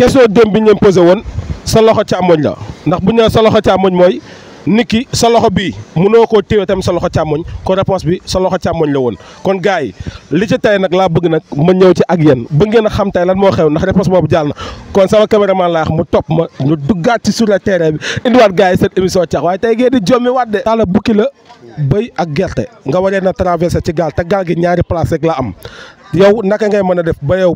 question démb bi ñu leen woon sa loxo càmmoñ la ndax bu ñu nee sa loxo càmmoñ mooy nit ki sa loxo bii mënoo koo téye tamit sa loxo càmmoñ kon réponse bi sa loxo càmmoñ la woon. kon gars yi li ci tey nag laa bëgg nag ma ñëw ci ak yéen bëgg ngeen a xam tey lan moo xew ndax réponse boobu jàll na kon sama caméraman laa wax mu topp ma ñu duggaat ci sur le terrain bi indiwaat gars yi seen émission cax waaye tey ngeen di jommi waat de. taala bukki la béy ak gerte nga waree na traversé ci gaal gaal gi ñaari place rek la am yow naka ngay mën a def ba yow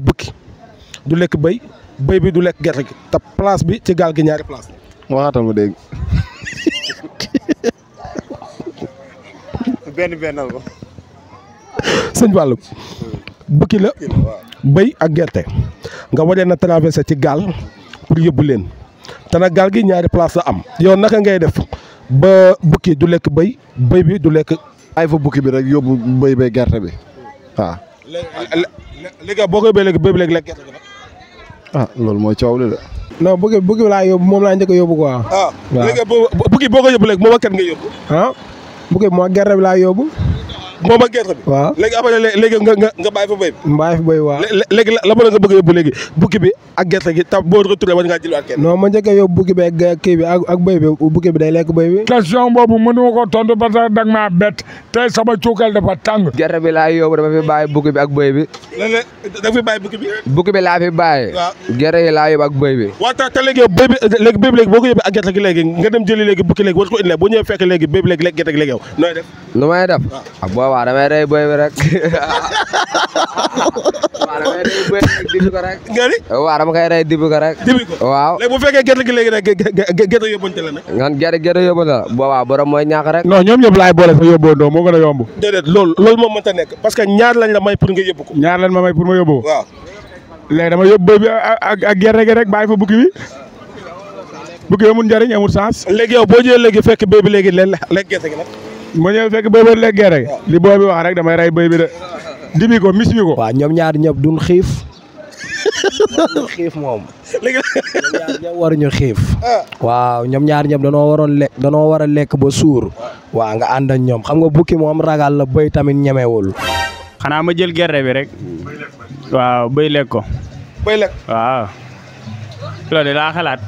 du lekk béy bëy bi du lekk gerte gi te place bi ci gaal gi ñaari place la. waxaatal ma dégg. benn bennal ko. sëñ Fallou hmm. bukki la bëy ak gerte nga waree na traversé ci gaal pour yóbbu leen te nag gaal gi ñaari place la am. yow naka ngay def ba bukki du lekk bëy bëy bi du lekk. ay fa bukki bi rek yóbbu bëy bay gerte bi waaw. léegi léegi boo koy bay léegi bëy bi léegi lekk gerte bi ah loolu mooy coow li de. non buggi buggi laa yóbbu moom laa njëkk a yóbbu quoi. Ah, waaw léegi boo buggi boo ko yóbbu léegi moom ak kan nga yóbbu. ah buggi moo gerte bi laa moom ak gerte bi. waaw léegi après léegi nga nga nga bàyyi fa bi. bàyyi fa béy waaw léegi la ma la nga bëgg a yóbbu léegi bukki bi ak gerte gi ta boo retourné war ngaa a yóbbu bukki bi ak kii bi ak ak béy bi bukki bi day lekk béy bi. laa fi bàyyi bukki bi da fi bàyyi bukki bi. bukki bi laa fi bàyyi. waaw gi laa yóbbu ak béy bi. waaw gi nga dem jëli léegi bukki léegi war ko indi boo waa damay rey boy bi rek. waa damay dibi ko rek. gari waa dama koy rey dibi ko rek. dibi ko waaw bu fekkee gerte gi léegi nag gerte yóbbante la nag. nga gerte gerte yóbbante la boobaa borom mooy ñàkk rek. non ñoom ñëpp laay boole fa yóbboondoo moo gën a nekk parce que ñaar lañ la may pour nga yóbbu ko. ñaar lañ ma may pour ma yóbbu ko. waaw léegi dama yóbbu boy bi ak gerte gi rek bàyyi fa bukki bi. bukki bi amul njëriñ amul sens. léegi yow boo léegi fekk béy léegi leen gerte gi la ma ñëw fekk bëy ba lekkee rek li booy bi wax rek damay rey bay bi de dibi ko mis bi ko. waaw ñoom ñaar ñëpp duñ xiif. moom. léegi ñoom ñaar xiif. Ah. waaw ñoom ñaar ñëpp danoo waroon lekk war a lekk ba suur. waa nga ànd ak ñoom xam nga bukki moom ragal la bëy tamit ñemewul. xanaa ma jël gerte bi rek. waaw bëy lekk ko. bëy lekk waaw. loolu de laa xalaat.